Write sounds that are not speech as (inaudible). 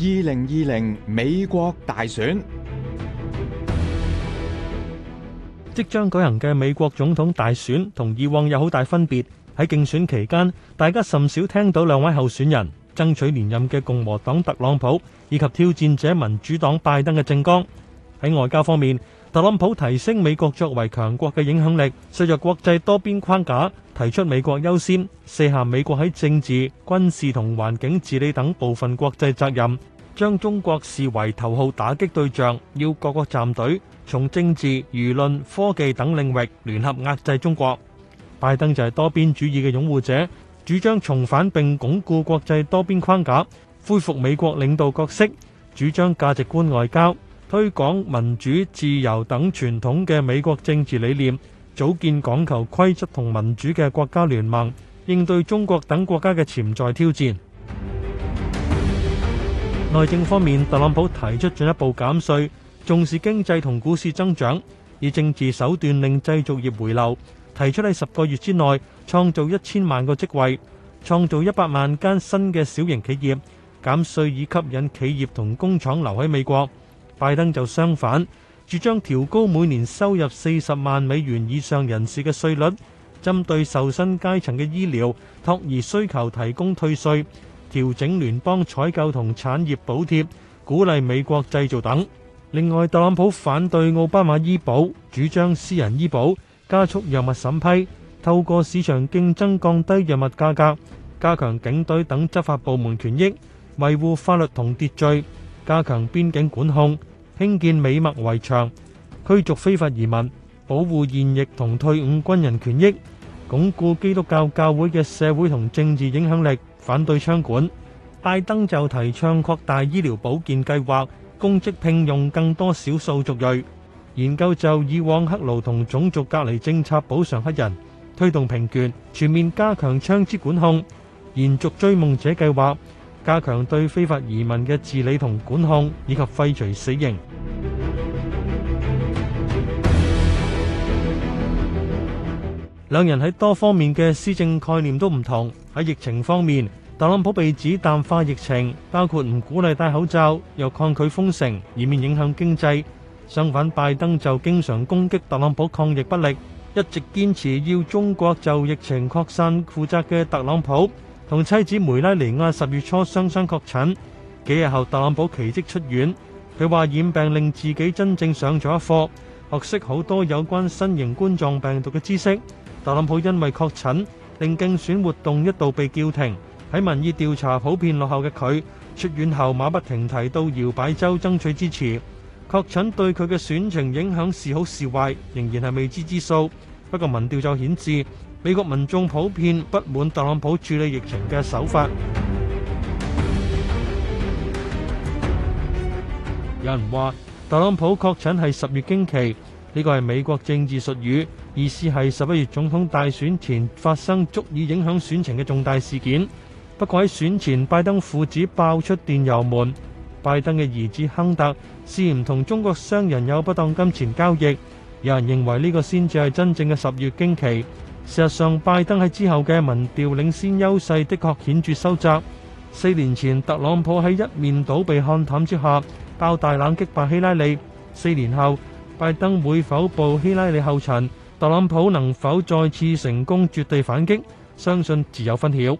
二零二零美國大選，即將舉行嘅美國總統大選，同以往有好大分別。喺競選期間，大家甚少聽到兩位候選人爭取連任嘅共和黨特朗普，以及挑戰者民主黨拜登嘅政綱。喺外交方面，特朗普提升美國作為強國嘅影響力，削弱國際多邊框架，提出美國優先，卸下美國喺政治、軍事同環境治理等部分國際責任，將中國視為頭號打擊對象，要各國站隊，從政治、輿論、科技等領域聯合壓制中國。拜登就係多邊主義嘅擁護者，主張重返並鞏固國際多邊框架，恢復美國領導角色，主張價值觀外交。推廣民主、自由等傳統嘅美國政治理念，組建講求規則同民主嘅國家聯盟，應對中國等國家嘅潛在挑戰。內政方面，特朗普提出進一步減稅，重視經濟同股市增長，以政治手段令製造業回流。提出喺十個月之內創造一千萬個職位，創造一百萬間新嘅小型企業，減稅以吸引企業同工廠留喺美國。拜登就相反，主張調高每年收入四十萬美元以上人士嘅稅率，針對受薪階層嘅醫療托兒需求提供退稅，調整聯邦採購同產業補貼，鼓勵美國製造等。另外，特朗普反對奧巴馬醫保，主張私人醫保，加速藥物審批，透過市場競爭降低藥物價格，加強警隊等執法部門權益，維護法律同秩序。加強邊境管控，興建美墨圍牆，驅逐非法移民，保護現役同退伍軍人權益，鞏固基督教教會嘅社會同政治影響力，反對槍管。拜登就提倡擴大醫療保健計劃，公職聘用更多少數族裔，研究就以往黑奴同種族隔離政策補償黑人，推動平權，全面加強槍支管控，延續追夢者計劃。加強對非法移民嘅治理同管控，以及廢除死刑。兩 (music) 人喺多方面嘅施政概念都唔同。喺疫情方面，特朗普被指淡化疫情，包括唔鼓勵戴口罩，又抗拒封城，以免影響經濟。相反，拜登就經常攻擊特朗普抗疫不力，一直堅持要中國就疫情擴散負責嘅特朗普，同妻子梅拉尼亞十月初雙雙確診，幾日後特朗普奇蹟出院。佢話染病令自己真正上咗一課，學識好多有關新型冠狀病毒嘅知識。特朗普因為確診，令競選活動一度被叫停。喺民意調查普遍落後嘅佢，出院後馬不停蹄到搖擺州爭取支持。確診對佢嘅選情影響是好是壞，仍然係未知之數。不過民調就顯示，美國民眾普遍不滿特朗普處理疫情嘅手法。有人話，特朗普確診係十月驚奇，呢個係美國政治術語，意思係十一月總統大選前發生足以影響選情嘅重大事件。不過喺選前，拜登父子爆出電郵門，拜登嘅兒子亨特涉嫌同中國商人有不當金錢交易。有人認為呢個先至係真正嘅十月驚奇。事實上，拜登喺之後嘅民調領先優勢的確顯著收窄。四年前，特朗普喺一面倒被看淡之下，爆大冷擊敗希拉里。四年後，拜登會否步希拉里後塵？特朗普能否再次成功絕地反擊？相信自有分曉。